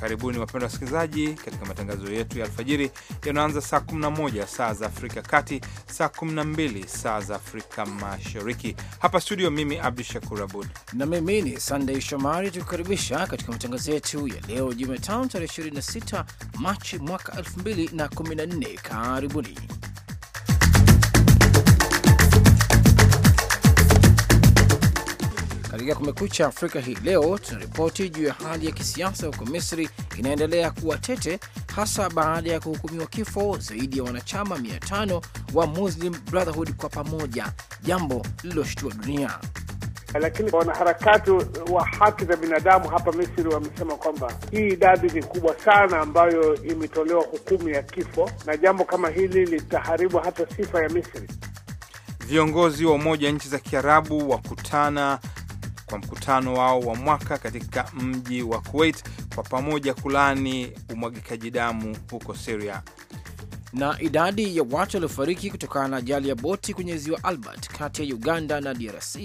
Karibuni wapendwa wasikilizaji, katika matangazo yetu ya alfajiri yanaanza saa 11 saa za Afrika Kati, saa 12 saa za Afrika Mashariki. Hapa studio, mimi Abdu Shakur Abud na mimi ni Sandey Shomari, tukikaribisha katika matangazo yetu ya leo Jumatano tarehe 26 Machi mwaka 2014. Karibuni. Katika Kumekucha Afrika hii leo tunaripoti juu ya hali ya kisiasa huko Misri inaendelea kuwa tete, hasa baada ya kuhukumiwa kifo zaidi ya wanachama 500 wa Muslim Brotherhood kwa pamoja, jambo lililoshtua dunia. Lakini wanaharakati wa haki za binadamu hapa Misri wamesema kwamba hii idadi ni kubwa sana ambayo imetolewa hukumu ya kifo, na jambo kama hili litaharibu hata sifa ya Misri. Viongozi wa Umoja wa Nchi za Kiarabu wakutana kwa mkutano wao wa mwaka katika mji wa Kuwait kwa pamoja kulani umwagikaji damu huko Syria. Na idadi ya watu waliofariki kutokana na ajali ya boti kwenye ziwa Albert kati ya Uganda na DRC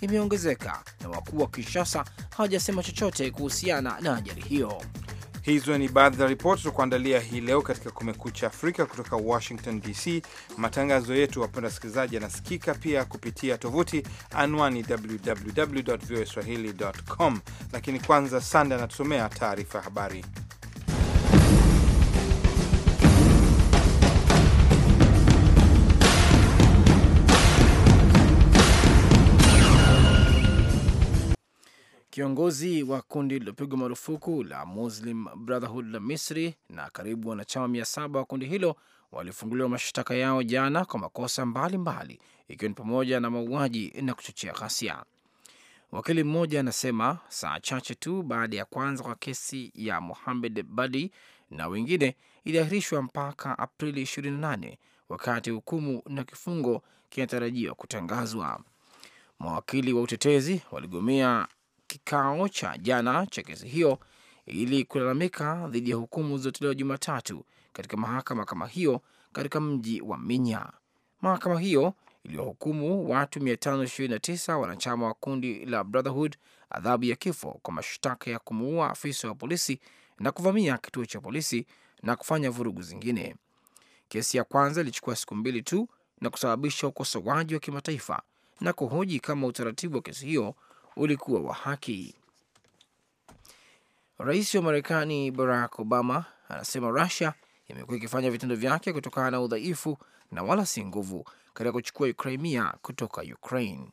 imeongezeka na wakuu wa Kinshasa hawajasema chochote kuhusiana na ajali hiyo. Hizo ni baadhi ya ripoti za kuandalia hii leo katika Kumekucha Afrika kutoka Washington DC. Matangazo yetu, wapenda wasikilizaji, yanasikika pia kupitia tovuti anwani www voa com, lakini kwanza Sande anatusomea taarifa ya habari. Kiongozi wa kundi lililopigwa marufuku la Muslim Brotherhood la Misri na karibu wanachama mia saba wa kundi hilo walifunguliwa mashtaka yao jana kwa makosa mbalimbali, ikiwa ni pamoja na mauaji na kuchochea ghasia. Wakili mmoja anasema saa chache tu baada ya kwanza kwa kesi ya Mohamed Badi na wengine iliahirishwa mpaka Aprili 28 wakati hukumu na kifungo kinatarajiwa kutangazwa. Mawakili wa utetezi waligomea kikao cha jana cha kesi hiyo ili kulalamika dhidi ya hukumu zilizotolewa Jumatatu katika mahakama kama hiyo katika mji wa Minya. Mahakama hiyo iliyohukumu watu 529 wanachama wa kundi la Brotherhood adhabu ya kifo kwa mashtaka ya kumuua afisa wa polisi na kuvamia kituo cha polisi na kufanya vurugu zingine. Kesi ya kwanza ilichukua siku mbili tu na kusababisha ukosoaji wa kimataifa na kuhoji kama utaratibu wa kesi hiyo ulikuwa wa haki. Rais wa Marekani Barack Obama anasema Rusia imekuwa ikifanya vitendo vyake kutokana na udhaifu na wala si nguvu katika kuchukua Crimea kutoka Ukraine.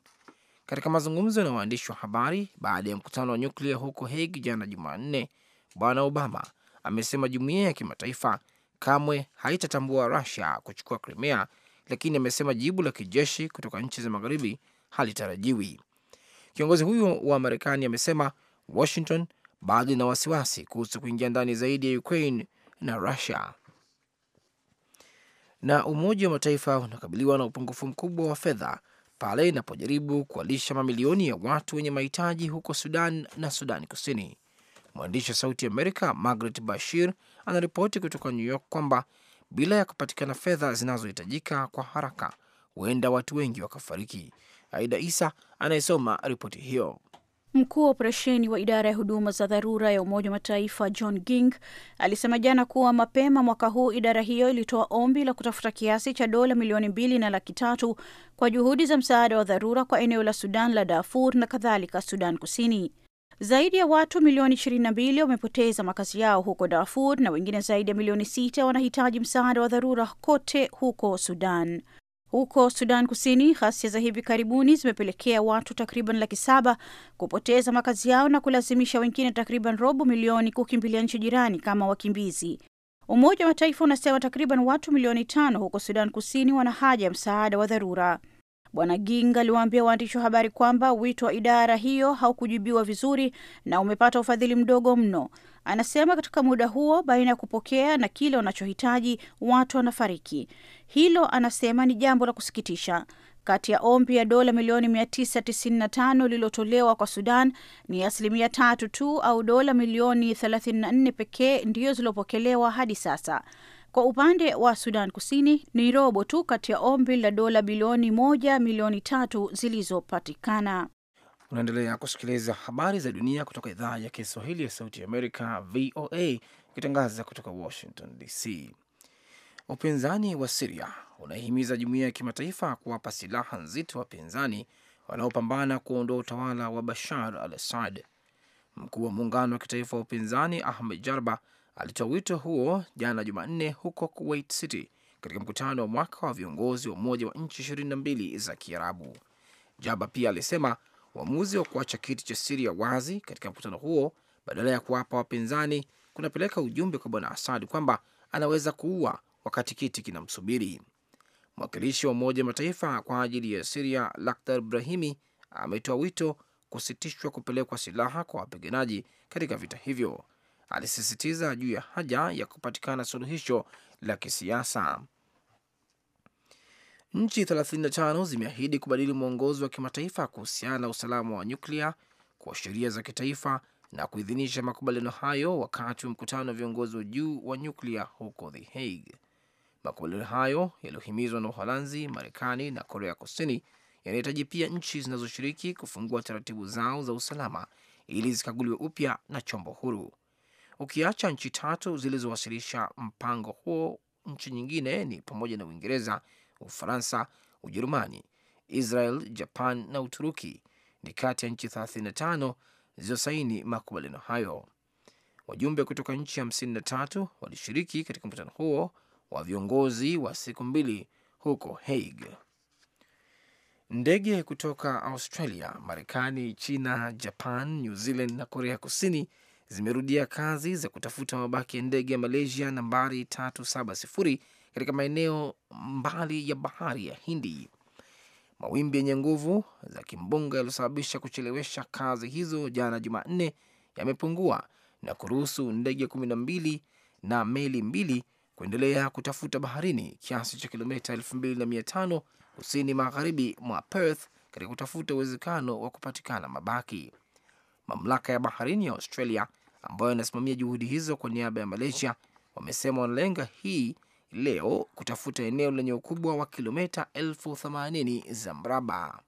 Katika mazungumzo na waandishi wa habari baada ya mkutano wa nyuklia huko Hague jana Jumanne, Bwana Obama amesema jumuiya ya kimataifa kamwe haitatambua Rusia kuchukua Crimea, lakini amesema jibu la kijeshi kutoka nchi za magharibi halitarajiwi. Kiongozi huyu wa Marekani amesema Washington bado ina wasiwasi kuhusu kuingia ndani zaidi ya Ukraine na Russia. Na Umoja wa Mataifa unakabiliwa na upungufu mkubwa wa fedha pale inapojaribu kualisha mamilioni ya watu wenye mahitaji huko Sudan na Sudan Kusini. Mwandishi wa Sauti Amerika Margaret Bashir anaripoti kutoka New York kwamba bila ya kupatikana fedha zinazohitajika kwa haraka, huenda watu wengi wakafariki. Aida Isa anayesoma ripoti hiyo. Mkuu wa operesheni wa idara ya huduma za dharura ya Umoja wa Mataifa John Ging alisema jana kuwa mapema mwaka huu idara hiyo ilitoa ombi la kutafuta kiasi cha dola milioni mbili na laki tatu kwa juhudi za msaada wa dharura kwa eneo la Sudan la Darfur na kadhalika Sudan Kusini. Zaidi ya watu milioni na mbili wamepoteza makazi yao huko Darfur na wengine zaidi ya milioni sita wanahitaji msaada wa dharura kote huko Sudan. Huko Sudan Kusini, ghasia za hivi karibuni zimepelekea watu takriban laki saba kupoteza makazi yao na kulazimisha wengine takriban robo milioni kukimbilia nchi jirani kama wakimbizi. Umoja wa Mataifa unasema takriban watu milioni tano huko Sudan Kusini wana haja ya msaada wa dharura. Bwana Ging aliwaambia waandishi wa habari kwamba wito wa idara hiyo haukujibiwa vizuri na umepata ufadhili mdogo mno. Anasema katika muda huo baina ya kupokea na kile wanachohitaji watu wanafariki. Hilo anasema ni jambo la kusikitisha. Kati ya ombi ya dola milioni 995 lililotolewa kwa Sudan ni asilimia tatu tu au dola milioni 34 pekee ndiyo zilizopokelewa hadi sasa. Kwa upande wa Sudan Kusini ni robo tu kati ya ombi la dola bilioni moja milioni tatu zilizopatikana. Unaendelea kusikiliza habari za dunia kutoka idhaa ya Kiswahili ya Sauti ya Amerika, VOA, ikitangaza kutoka Washington DC. Upinzani wa Siria unaihimiza jumuiya ya kimataifa kuwapa silaha nzito wapinzani wanaopambana kuondoa utawala wa Bashar al Assad. Mkuu wa muungano wa kitaifa wa upinzani Ahmed Jarba alitoa wito huo jana Jumanne huko Kuwait City katika mkutano wa mwaka wa viongozi wa Umoja wa nchi ishirini na mbili za Kiarabu. Jarba pia alisema uamuzi wa kuacha kiti cha Siria wazi katika mkutano huo badala ya kuwapa wapinzani kunapeleka ujumbe kwa Bwana Asad kwamba anaweza kuua wakati kiti kinamsubiri. Mwakilishi wa Umoja wa Mataifa kwa ajili ya Siria Lakhdar Brahimi ametoa wito kusitishwa kupelekwa silaha kwa wapiganaji katika vita hivyo. Alisisitiza juu ya haja ya kupatikana suluhisho la kisiasa. Nchi 35 zimeahidi kubadili mwongozo wa kimataifa kuhusiana na usalama wa nyuklia kwa sheria za kitaifa na kuidhinisha makubaliano hayo wakati wa mkutano wa viongozi wa juu wa nyuklia huko The Hague. Makubaliano hayo yaliyohimizwa na Uholanzi, Marekani na Korea Kusini yanahitaji pia nchi zinazoshiriki kufungua taratibu zao za usalama ili zikaguliwe upya na chombo huru. Ukiacha nchi tatu zilizowasilisha mpango huo, nchi nyingine ni pamoja na Uingereza, Ufaransa, Ujerumani, Israel, Japan na Uturuki ni kati ya nchi 35 zilizosaini makubaliano hayo. Wajumbe kutoka nchi 53 walishiriki katika mkutano huo wa viongozi wa siku mbili huko Hague. Ndege kutoka Australia, Marekani, China, Japan, New Zealand na Korea Kusini zimerudia kazi za kutafuta mabaki ya ndege ya Malaysia nambari 370 katika maeneo mbali ya bahari ya Hindi. Mawimbi yenye nguvu za kimbunga yaliyosababisha kuchelewesha kazi hizo jana Jumanne yamepungua na kuruhusu ndege 12 na meli mbili kuendelea kutafuta baharini kiasi cha kilomita 2500 kusini magharibi mwa Perth katika kutafuta uwezekano wa kupatikana mabaki. Mamlaka ya baharini ya Australia ambayo inasimamia juhudi hizo kwa niaba ya Malaysia wamesema wanalenga hii leo kutafuta eneo lenye ukubwa wa kilomita elfu 80 za mraba.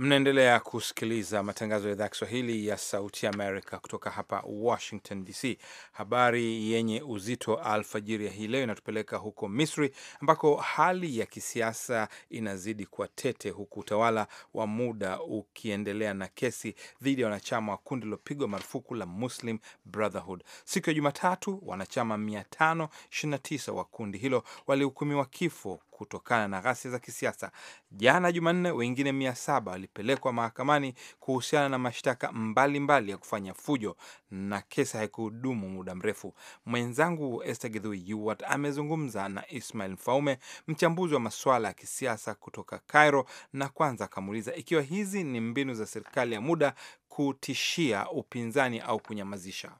Mnaendelea kusikiliza matangazo ya idhaa ya Kiswahili ya Sauti Amerika kutoka hapa Washington DC. Habari yenye uzito alfajiri ya hii leo inatupeleka huko Misri ambako hali ya kisiasa inazidi kuwa tete, huku utawala wa muda ukiendelea na kesi dhidi ya wanachama wa kundi lilopigwa marufuku la Muslim Brotherhood. Siku ya Jumatatu, wanachama 529 wa kundi hilo walihukumiwa kifo kutokana na ghasia za kisiasa. Jana Jumanne, wengine mia saba walipelekwa mahakamani kuhusiana na mashtaka mbalimbali ya kufanya fujo, na kesi haikudumu muda mrefu. Mwenzangu Esther Githui Yuwat amezungumza na Ismail Mfaume, mchambuzi wa masuala ya kisiasa kutoka Cairo, na kwanza akamuuliza ikiwa hizi ni mbinu za serikali ya muda kutishia upinzani au kunyamazisha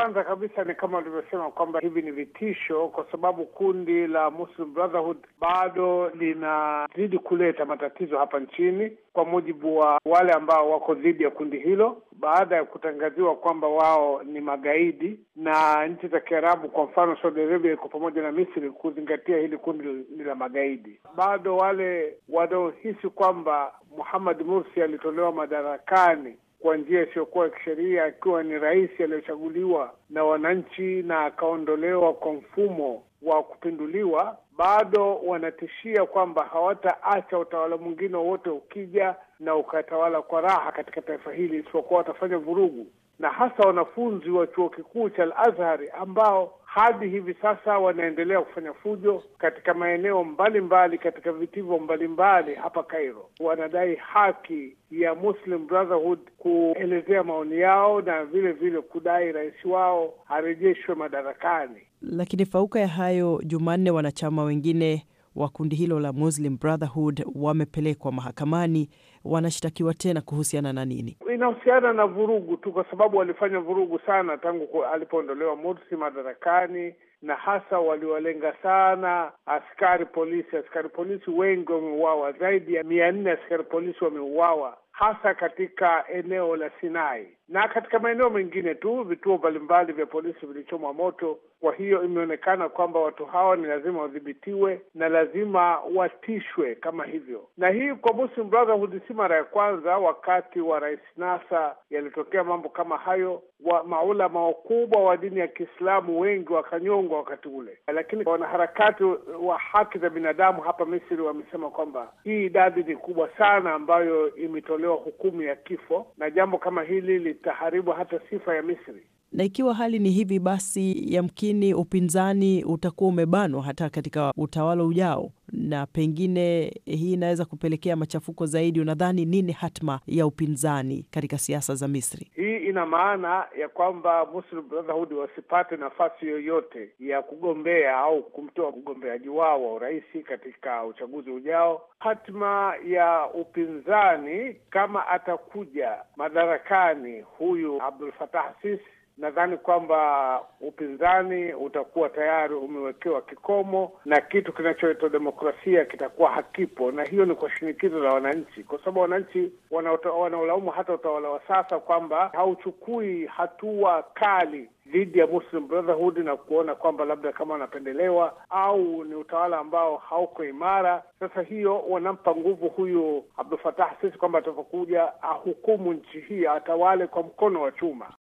kwanza kabisa ni kama ulivyosema kwamba hivi ni vitisho, kwa sababu kundi la Muslim Brotherhood bado linazidi kuleta matatizo hapa nchini, kwa mujibu wa wale ambao wako dhidi ya kundi hilo, baada ya kutangaziwa kwamba wao ni magaidi na nchi za Kiarabu, kwa mfano Saudi Arabia iko pamoja na Misri kuzingatia hili kundi ni la magaidi. Bado wale wanaohisi kwamba Muhammad Mursi alitolewa madarakani kwa njia isiyokuwa ya kisheria, akiwa ni rais aliyochaguliwa na wananchi na akaondolewa kwa mfumo wa kupinduliwa, bado wanatishia kwamba hawataacha utawala mwingine wowote ukija na ukatawala kwa raha katika taifa hili, isipokuwa watafanya vurugu, na hasa wanafunzi wa chuo kikuu cha Al-Azhari ambao hadi hivi sasa wanaendelea kufanya fujo katika maeneo mbalimbali mbali, katika vitivo mbalimbali hapa Cairo. Wanadai haki ya Muslim Brotherhood kuelezea maoni yao na vile vile kudai rais wao arejeshwe madarakani. Lakini fauka ya hayo, Jumanne, wanachama wengine wa kundi hilo la Muslim Brotherhood wamepelekwa mahakamani, wanashtakiwa tena kuhusiana na nini? Inahusiana na vurugu tu, kwa sababu walifanya vurugu sana tangu alipoondolewa Mursi madarakani, na hasa waliwalenga sana askari polisi. Askari polisi wengi wameuawa, zaidi ya mia nne askari polisi wameuawa hasa katika eneo la Sinai na katika maeneo mengine tu. Vituo mbalimbali vya polisi vilichomwa moto kwa hiyo imeonekana kwamba watu hawa ni lazima wadhibitiwe na lazima watishwe kama hivyo, na hii kwa Muslim Brotherhood si mara ya kwanza. Wakati wa Rais Nasa yalitokea mambo kama hayo, wa maulama wakubwa wa dini ya Kiislamu wengi wakanyongwa wakati ule, lakini wanaharakati wa haki za binadamu hapa Misri wamesema kwamba hii idadi ni kubwa sana ambayo imetolewa hukumu ya kifo, na jambo kama hili litaharibu hata sifa ya Misri. Na ikiwa hali ni hivi, basi yamkini upinzani utakuwa umebanwa hata katika utawala ujao, na pengine hii inaweza kupelekea machafuko zaidi. Unadhani nini hatma ya upinzani katika siasa za Misri? Hii ina maana ya kwamba Muslim Brotherhood wasipate nafasi yoyote ya kugombea au kumtoa mgombeaji wao wa urais katika uchaguzi ujao. Hatma ya upinzani kama atakuja madarakani huyu Abdul Fatah Sisi nadhani kwamba upinzani utakuwa tayari umewekewa kikomo na kitu kinachoitwa demokrasia kitakuwa hakipo, na hiyo ni kwa shinikizo la wananchi, kwa sababu wananchi wanaolaumu hata utawala wa sasa kwamba hauchukui hatua kali dhidi ya Muslim Brotherhood na kuona kwamba labda kama wanapendelewa au ni utawala ambao hauko imara. Sasa hiyo wanampa nguvu huyu Abdul Sisi kwamba atakapokuja ahukumu nchi hii, atawale kwa mkono wa chuma.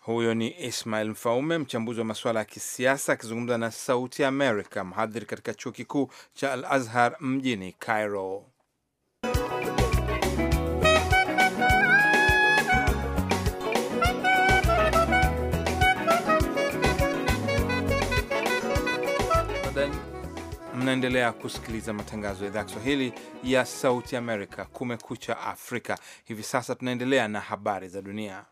Huyo ni Ismail Mfaume, mchambuzi wa masuala ya kisiasa akizungumza na Sauti Amerika, mhadhiri katika chuo kikuu cha Al Azhar mjini Cairo. Mnaendelea kusikiliza matangazo ya idhaa Kiswahili ya Sauti Amerika, Kumekucha Afrika. Hivi sasa tunaendelea na habari za dunia.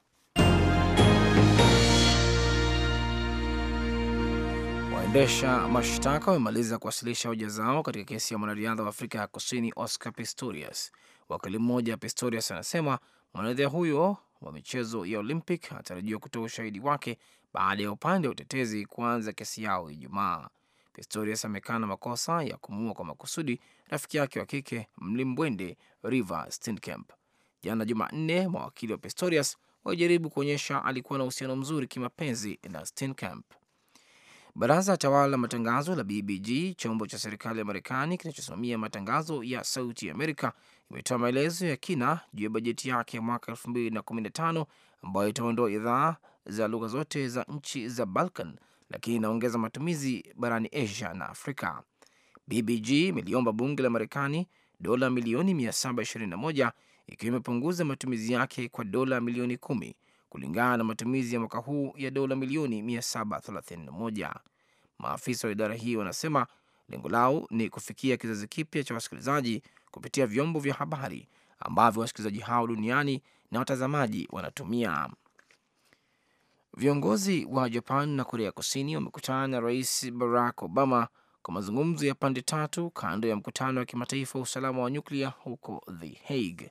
Waendesha mashtaka wamemaliza kuwasilisha hoja zao katika kesi ya mwanariadha wa Afrika ya Kusini Oscar Pistorius. Wakili mmoja Pistorius anasema mwanariadha huyo wa michezo ya Olympic anatarajiwa kutoa ushahidi wake baada ya upande wa utetezi kuanza kesi yao Ijumaa. Pistorius amekana makosa ya kumuua kwa makusudi rafiki yake wa kike mlimbwende River Steenkamp. Jana Jumanne, mawakili wa Pistorius walijaribu kuonyesha alikuwa na uhusiano mzuri kimapenzi na Steenkamp. Baraza tawala la matangazo la BBG, chombo cha serikali ya Marekani kinachosimamia matangazo ya Sauti ya Amerika, imetoa maelezo ya kina juu ya bajeti yake ya mwaka 2015 ambayo itaondoa idhaa za lugha zote za nchi za Balkan, lakini inaongeza matumizi barani Asia na Afrika. BBG imeliomba bunge la Marekani dola milioni 721 ikiwa imepunguza matumizi yake kwa dola milioni kumi kulingana na matumizi ya mwaka huu ya dola milioni 731. Maafisa wa idara hii wanasema lengo lao ni kufikia kizazi kipya cha wasikilizaji kupitia vyombo vya habari ambavyo wasikilizaji hao duniani na watazamaji wanatumia. Viongozi wa Japan na Korea Kusini wamekutana na Rais Barack Obama kwa mazungumzo ya pande tatu kando ya mkutano wa kimataifa wa usalama wa nyuklia huko The Hague.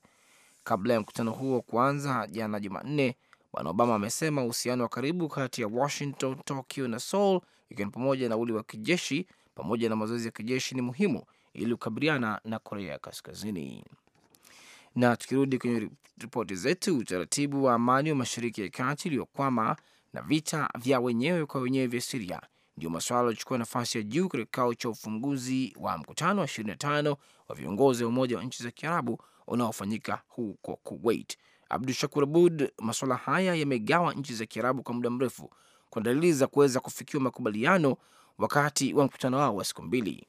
Kabla ya mkutano huo kuanza jana Jumanne, Bwana Obama amesema uhusiano wa karibu kati ya Washington, Tokyo na Seoul, ikiwa ni pamoja na uli wa kijeshi pamoja na mazoezi ya kijeshi, ni muhimu ili kukabiliana na Korea ya Kaskazini. Na tukirudi kwenye ripoti zetu, utaratibu wa amani wa Mashariki ya Kati iliyokwama na vita vya wenyewe kwa wenyewe vya Siria ndio masuala yaliyochukua nafasi ya juu katika kikao cha ufunguzi wa mkutano wa 25 wa viongozi wa Umoja wa Nchi za Kiarabu unaofanyika huko Kuwait. Abdu Shakur Abud, masuala haya yamegawa nchi za Kiarabu kwa muda mrefu kwa dalili za kuweza kufikiwa makubaliano wakati wa mkutano wao wa siku mbili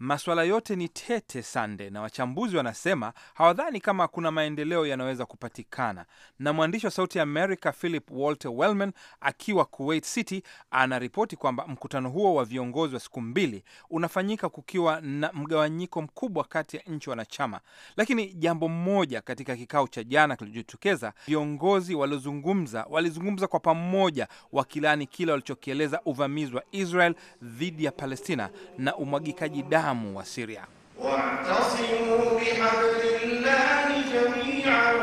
maswala yote ni tete sande, na wachambuzi wanasema hawadhani kama kuna maendeleo yanaweza kupatikana. Na mwandishi wa Sauti ya america Philip Walter Wellman akiwa Kuwait City anaripoti kwamba mkutano huo wa viongozi wa siku mbili unafanyika kukiwa na mgawanyiko mkubwa kati ya nchi wanachama, lakini jambo moja katika kikao cha jana kilichotokeza, viongozi waliozungumza walizungumza kwa pamoja, wakilaani kile walichokieleza uvamizi wa Israel dhidi ya Palestina na umwagikaji damu Waislamu wa Syria. Wa'tasimu bihablillahi jami'an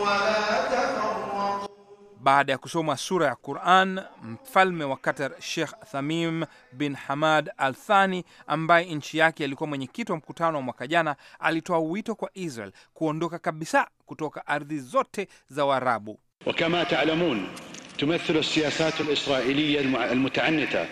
wa la Baada ya kusoma sura ya Qur'an, mfalme wa Qatar Sheikh Thamim bin Hamad Al Thani, ambaye nchi yake alikuwa mwenyekiti wa mkutano wa mwaka jana, alitoa wito kwa Israel kuondoka kabisa kutoka ardhi zote za Waarabu. Wa kama ta'lamun tumathilu siyasatu al-israiliya al-mutaannita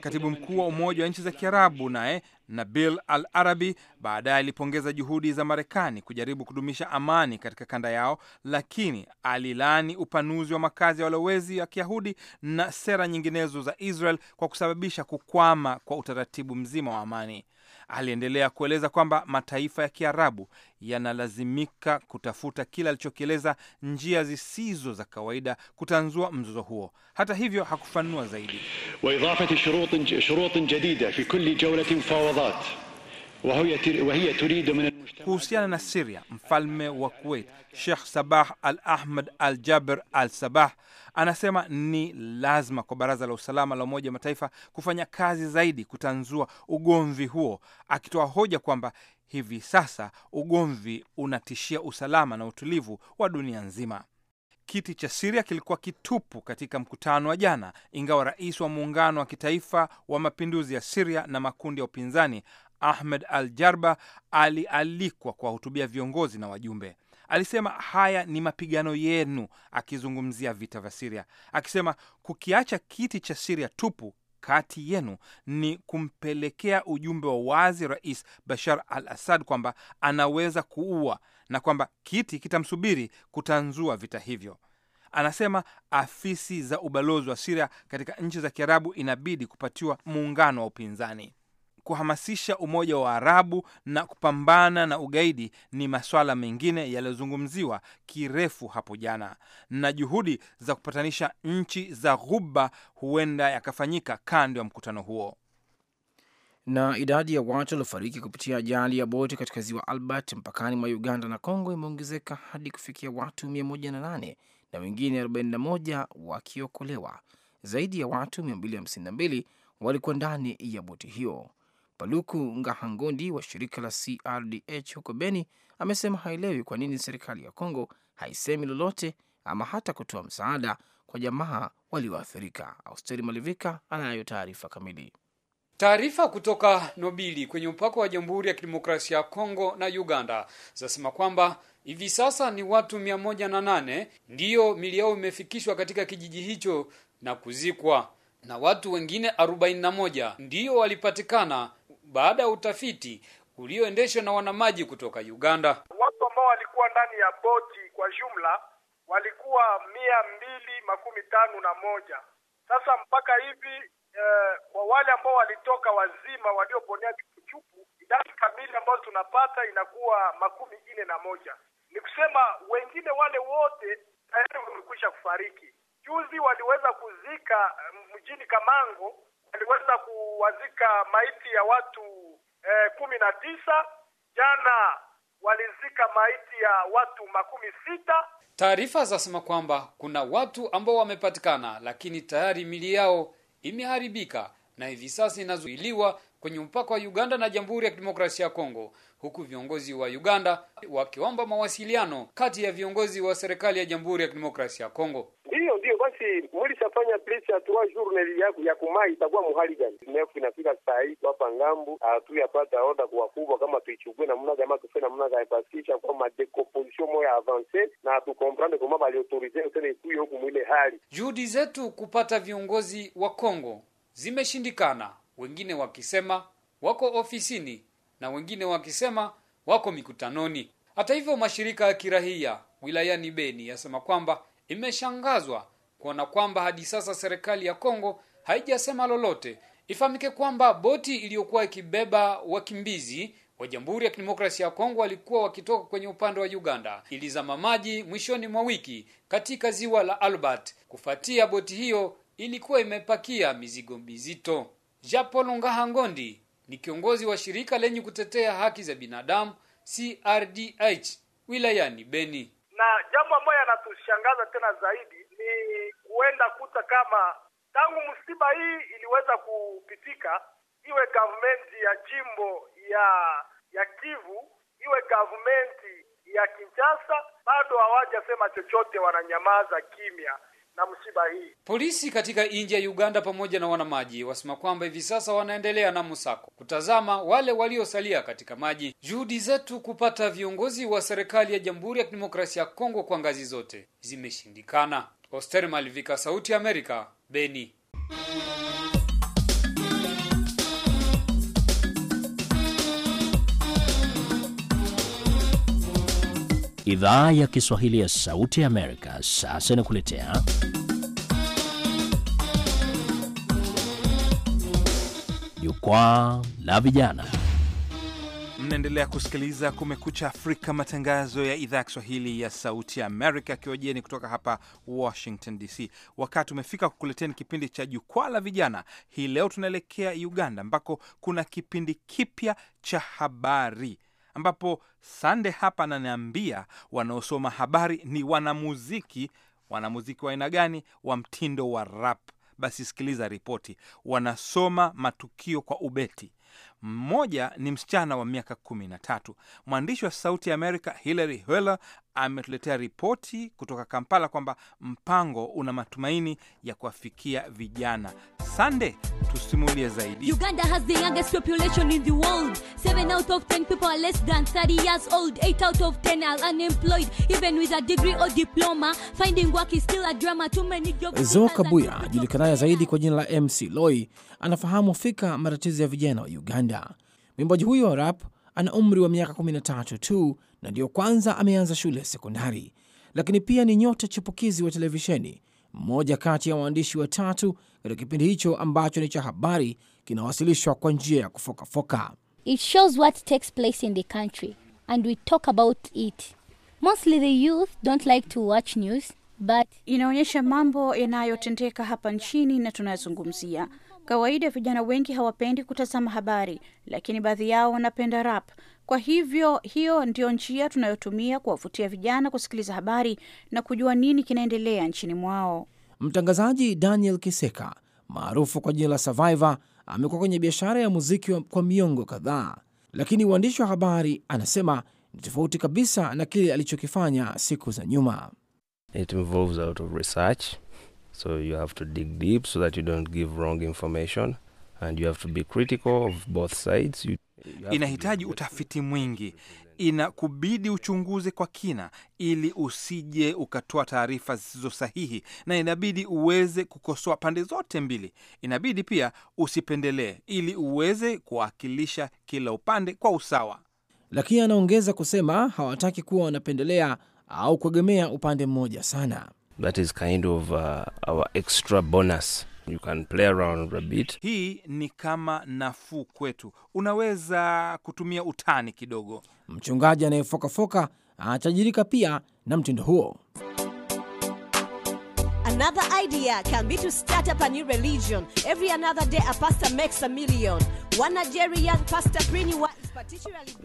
Katibu mkuu wa Umoja wa Nchi za Kiarabu naye Nabil Al Arabi baadaye alipongeza juhudi za Marekani kujaribu kudumisha amani katika kanda yao, lakini alilani upanuzi wa makazi ya walowezi wa Kiyahudi na sera nyinginezo za Israel kwa kusababisha kukwama kwa utaratibu mzima wa amani. Aliendelea kueleza kwamba mataifa ya Kiarabu yanalazimika kutafuta kila alichokieleza njia zisizo za kawaida kutanzua mzozo huo. Hata hivyo, hakufanua zaidi waidafati shurutin jadida fi kulli jawlatin wahiya turidu min kuhusiana na Siria, mfalme wa Kuwait Sheikh Sabah Al Ahmed Al Jaber Al Sabah anasema ni lazima kwa Baraza la Usalama la Umoja wa Mataifa kufanya kazi zaidi kutanzua ugomvi huo, akitoa hoja kwamba hivi sasa ugomvi unatishia usalama na utulivu wa dunia nzima. Kiti cha Siria kilikuwa kitupu katika mkutano wa jana, ingawa rais wa muungano wa kitaifa wa mapinduzi ya Siria na makundi ya upinzani Ahmed Al Jarba alialikwa kuwahutubia viongozi na wajumbe. Alisema haya ni mapigano yenu, akizungumzia vita vya Siria, akisema kukiacha kiti cha Siria tupu kati yenu ni kumpelekea ujumbe wa wazi Rais Bashar al Assad kwamba anaweza kuua na kwamba kiti kitamsubiri kutanzua vita hivyo. Anasema afisi za ubalozi wa Siria katika nchi za Kiarabu inabidi kupatiwa muungano wa upinzani kuhamasisha umoja wa Arabu na kupambana na ugaidi ni maswala mengine yaliyozungumziwa kirefu hapo jana, na juhudi za kupatanisha nchi za Ghuba huenda yakafanyika kando ya mkutano huo. Na idadi ya watu waliofariki kupitia ajali ya boti katika ziwa Albert mpakani mwa Uganda na Kongo imeongezeka hadi kufikia watu 108 na wengine 41 wakiokolewa. Zaidi ya watu 252 walikuwa ndani ya boti hiyo. Paluku Ngahangondi wa shirika la CRDH huko Beni amesema haelewi kwa nini serikali ya Kongo haisemi lolote ama hata kutoa msaada kwa jamaa walioathirika. Austeri Malivika anayo taarifa kamili. Taarifa kutoka Nobili kwenye mpaka wa Jamhuri ya Kidemokrasia ya Kongo na Uganda zinasema kwamba hivi sasa ni watu mia moja na nane ndiyo mili yao imefikishwa katika kijiji hicho na kuzikwa na watu wengine 41 ndiyo walipatikana baada ya utafiti ulioendeshwa na wanamaji kutoka Uganda. Watu ambao walikuwa ndani ya boti kwa jumla walikuwa mia mbili makumi tano na moja. Sasa mpaka hivi eh, kwa wale ambao walitoka wazima walioponea chupuchupu, idadi kamili ambayo tunapata inakuwa makumi nne na moja. Ni kusema wengine wale wote tayari wamekwisha kufariki. Juzi waliweza kuzika eh, mjini Kamango aliweza kuwazika maiti ya watu eh, kumi na tisa. Jana walizika maiti ya watu makumi sita. Taarifa zasema kwamba kuna watu ambao wamepatikana, lakini tayari mili yao imeharibika na hivi sasa inazuiliwa kwenye mpaka wa Uganda na Jamhuri ya Kidemokrasia ya Kongo, huku viongozi wa Uganda wakiomba mawasiliano kati ya viongozi wa serikali ya Jamhuri ya Kidemokrasia ya Kongo. Ndiyo, ndiyo basi mulishafanya please atua journal ya, ya kumai itakuwa muhali gani? Nefu inafika saa hii hapa ngambu hatuyapata ah, oda kwa kubwa, kama tuichukue namna gani, tufe namna gani, paskisha kwa ma decomposition moya avance na tukomprendre kama bali autoriser tena ikuye huku mwile hali. Juhudi zetu kupata viongozi wa Kongo zimeshindikana, wengine wakisema wako ofisini na wengine wakisema wako mikutanoni. Hata hivyo, mashirika ya kirahia wilayani Beni yasema kwamba imeshangazwa kuona kwamba hadi sasa serikali ya Kongo haijasema lolote. Ifahamike kwamba boti iliyokuwa ikibeba wakimbizi wa Jamhuri ya Kidemokrasia ya Kongo walikuwa wakitoka kwenye upande wa Uganda ilizama maji mwishoni mwa wiki katika ziwa la Albert. Kufuatia boti hiyo ilikuwa imepakia mizigo mizito. Japo Lungaha Ngondi ni kiongozi wa shirika lenye kutetea haki za binadamu CRDH wilayani Beni. Na jambo ambayo yanatushangaza tena zaidi huenda kuta kama tangu msiba hii iliweza kupitika, iwe gavumenti ya jimbo ya ya Kivu, iwe gavumenti ya Kinshasa, bado hawajasema chochote, wananyamaza kimya na msiba hii. Polisi katika nchi ya Uganda pamoja na wanamaji wasema kwamba hivi sasa wanaendelea na msako kutazama wale waliosalia katika maji. Juhudi zetu kupata viongozi wa serikali ya Jamhuri ya Kidemokrasia ya Kongo kwa ngazi zote zimeshindikana. Oster Malivika, Sauti Amerika, Beni. Idhaa ya Kiswahili ya Sauti Amerika sasa inakuletea jukwaa la vijana. Mnaendelea kusikiliza Kumekucha Afrika, matangazo ya idhaa ya Kiswahili ya Sauti ya Amerika akiwajieni kutoka hapa Washington DC. Wakati umefika kukuleteni kipindi cha Jukwaa la Vijana. Hii leo tunaelekea Uganda, ambako kuna kipindi kipya cha habari, ambapo Sande hapa ananiambia wanaosoma habari ni wanamuziki. Wanamuziki wa aina gani? Wa mtindo wa rap. Basi sikiliza ripoti. Wanasoma matukio kwa ubeti mmoja ni msichana wa miaka kumi na tatu. Mwandishi wa Sauti ya Amerika Hilary Hweller ametuletea ripoti kutoka Kampala kwamba mpango una matumaini ya kuwafikia vijana Sande tusimulie zaidi. Uganda has the youngest population in the world. 7 out of 10 people are less than 30 years old. 8 out of 10 are unemployed even with a degree or diploma. Finding work is still a drama. Too many jobs. Zo Kabuya julikanaya zaidi kwa jina la MC Loi anafahamu fika matatizo ya vijana wa Uganda. Mwimbaji huyo wa rap ana umri wa miaka 13 tu na ndiyo kwanza ameanza shule ya sekondari, lakini pia ni nyota chipukizi wa televisheni mmoja kati ya waandishi watatu katika kipindi hicho ambacho ni cha habari kinawasilishwa kwa njia ya kufokafoka. Inaonyesha mambo yanayotendeka hapa nchini na tunayozungumzia. Kawaida vijana wengi hawapendi kutazama habari, lakini baadhi yao wanapenda rap. Kwa hivyo hiyo ndiyo njia tunayotumia kuwavutia vijana kusikiliza habari na kujua nini kinaendelea nchini mwao. Mtangazaji Daniel Kiseka maarufu kwa jina la Survivor amekuwa kwenye biashara ya muziki kwa miongo kadhaa, lakini uandishi wa habari anasema ni tofauti kabisa na kile alichokifanya siku za nyuma. It involves of research so you have to dig deep so that you don't give wrong information and you have to be critical of both sides you inahitaji utafiti mwingi, inakubidi uchunguze kwa kina, ili usije ukatoa taarifa zisizo sahihi, na inabidi uweze kukosoa pande zote mbili. Inabidi pia usipendelee, ili uweze kuwakilisha kila upande kwa usawa. Lakini anaongeza kusema hawataki kuwa wanapendelea au kuegemea upande mmoja sana. That is kind of, uh, our extra bonus You can play around a bit. Hii ni kama nafuu kwetu, unaweza kutumia utani kidogo. Mchungaji anayefokafoka anatajirika pia na mtindo huo. Another idea can be to start up a new religion. Every another day a pastor makes a million. One Nigerian pastor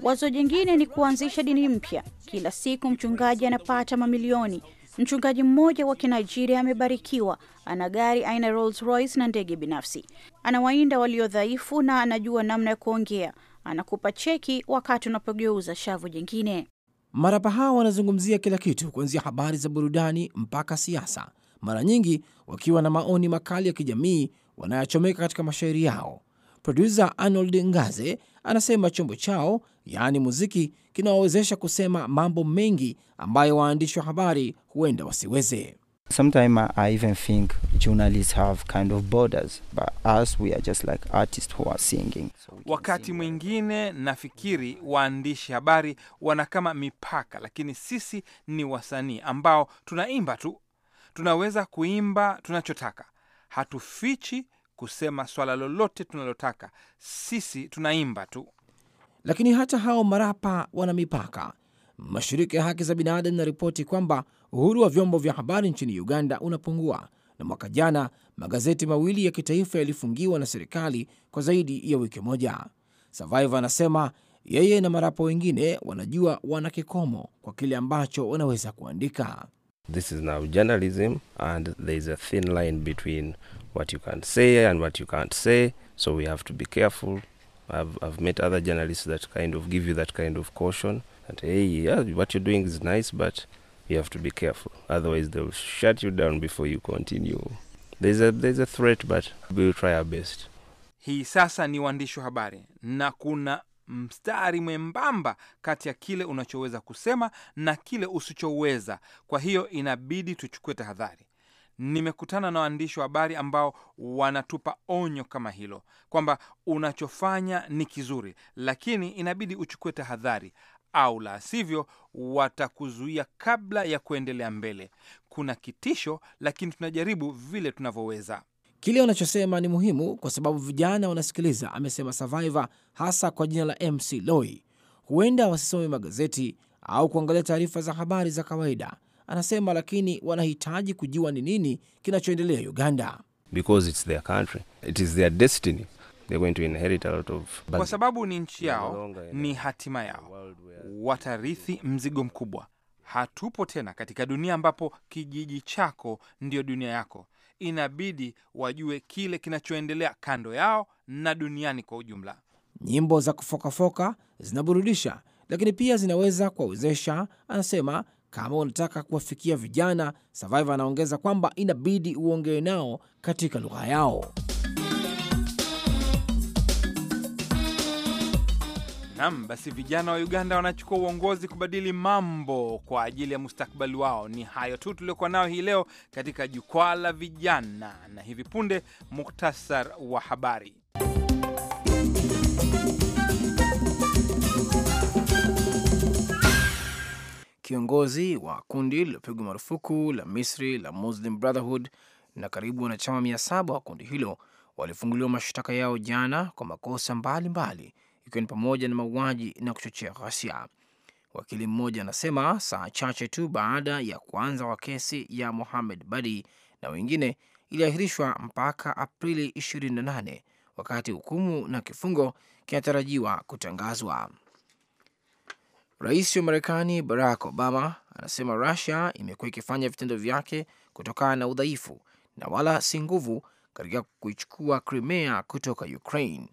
Wazo jingine ni kuanzisha dini mpya. Kila siku mchungaji anapata mamilioni Mchungaji mmoja wa Kinigeria amebarikiwa, ana gari aina Rolls Royce na ndege binafsi, anawainda walio dhaifu na anajua namna ya kuongea, anakupa cheki wakati unapogeuza shavu jingine. Marapa hao wanazungumzia kila kitu, kuanzia habari za burudani mpaka siasa, mara nyingi wakiwa na maoni makali ya kijamii wanayochomeka katika mashairi yao. Produsa Arnold Ngaze anasema chombo chao yaani muziki, kinawawezesha kusema mambo mengi ambayo waandishi wa habari huenda wasiweze. Sometimes I even think journalists have kind of borders, but us we are just like artists who are singing. So wakati mwingine nafikiri waandishi habari wana kama mipaka, lakini sisi ni wasanii ambao tunaimba tu, tunaweza kuimba tunachotaka, hatufichi kusema swala lolote tunalotaka, sisi tunaimba tu. Lakini hata hao marapa wana mipaka. Mashirika ya haki za binadamu inaripoti kwamba uhuru wa vyombo vya habari nchini Uganda unapungua, na mwaka jana magazeti mawili ya kitaifa yalifungiwa na serikali kwa zaidi ya wiki moja. Survivor anasema yeye na marapa wengine wanajua wana kikomo kwa kile ambacho wanaweza kuandika. This is now journalism and there is a thin line between what you can say and what you can't say so we have to be careful I've, I've met other journalists that kind of give you that kind of caution that hey, yeah, what you're doing is nice, but you have to be careful. Otherwise, they'll shut you down before you continue. There's a, there's a threat, but we'll try our best. Hii sasa ni waandishi wa habari na kuna mstari mwembamba kati ya kile unachoweza kusema na kile usichoweza. Kwa hiyo inabidi tuchukue tahadhari nimekutana na waandishi wa habari ambao wanatupa onyo kama hilo kwamba unachofanya ni kizuri, lakini inabidi uchukue tahadhari, au la sivyo watakuzuia kabla ya kuendelea mbele. Kuna kitisho, lakini tunajaribu vile tunavyoweza. Kile unachosema ni muhimu kwa sababu vijana wanasikiliza, amesema Survivor, hasa kwa jina la MC Loi. Huenda wasisome magazeti au kuangalia taarifa za habari za kawaida, Anasema lakini wanahitaji kujua ni nini kinachoendelea Uganda kwa sababu ni nchi yao, ni hatima yao, watarithi mzigo mkubwa. Hatupo tena katika dunia ambapo kijiji chako ndiyo dunia yako. Inabidi wajue kile kinachoendelea kando yao na duniani kwa ujumla. Nyimbo za kufokafoka zinaburudisha, lakini pia zinaweza kuwawezesha, anasema kama unataka kuwafikia vijana, Survivor anaongeza kwamba inabidi uongee nao katika lugha yao. Nam, basi vijana wa Uganda wanachukua uongozi kubadili mambo kwa ajili ya mustakabali wao. Ni hayo tu tuliokuwa nayo hii leo katika jukwaa la vijana, na hivi punde muktasar wa habari. Kiongozi wa kundi lililopigwa marufuku la Misri la Muslim Brotherhood na karibu wanachama mia saba wa kundi hilo walifunguliwa mashtaka yao jana kwa makosa mbalimbali, ikiwa ni pamoja na mauaji na kuchochea ghasia. Wakili mmoja anasema saa chache tu baada ya kuanza kwa kesi ya Mohamed Badi na wengine iliahirishwa mpaka Aprili 28 wakati hukumu na kifungo kinatarajiwa kutangazwa. Rais wa Marekani Barack Obama anasema Rusia imekuwa ikifanya vitendo vyake kutokana na udhaifu na wala si nguvu katika kuichukua Crimea kutoka Ukraine.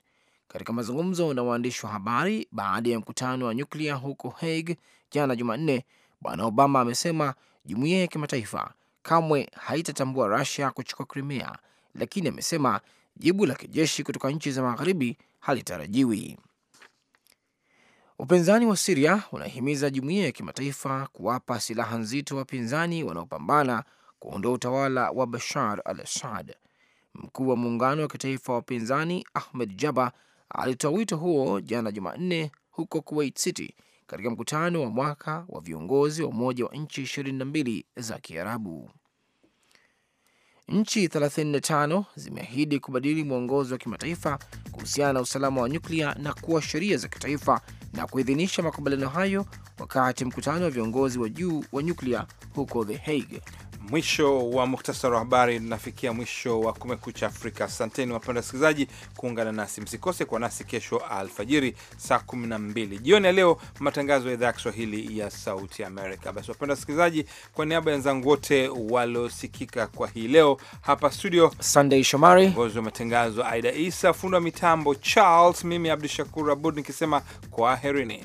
Katika mazungumzo na waandishi wa habari baada ya mkutano wa nyuklia huko Hague jana Jumanne, Bwana Obama amesema jumuiya ya kimataifa kamwe haitatambua Rusia kuchukua Crimea, lakini amesema jibu la kijeshi kutoka nchi za magharibi halitarajiwi. Upinzani wa Siria unahimiza jumuiya ya kimataifa kuwapa silaha nzito wapinzani wanaopambana kuondoa utawala wa Bashar al Assad. Mkuu wa muungano wa kitaifa wa wapinzani Ahmed Jaba alitoa wito huo jana Jumanne huko Kuwait City katika mkutano wa mwaka wa viongozi wa Umoja wa nchi 22 za Kiarabu. Nchi 35 zimeahidi kubadili mwongozo wa kimataifa kuhusiana na usalama wa nyuklia na kuwa sheria za kitaifa na kuidhinisha makubaliano hayo wakati mkutano wa viongozi wa juu wa nyuklia huko The Hague. Mwisho wa muhtasari wa habari, nafikia mwisho wa Kumekucha Afrika. Asanteni wapenda wasikilizaji kuungana nasi, msikose kwa nasi kesho alfajiri saa 12 jioni ya leo, matangazo ya idhaa ya Kiswahili ya Sauti Amerika. Basi wapenda wasikilizaji, kwa niaba ya wenzangu wote waliosikika kwa hii leo hapa studio, Sunday Shomari ongozi wa matangazo, Aida Isa fundi wa mitambo, Charles, mimi Abdu Shakur Abud nikisema kwaherini.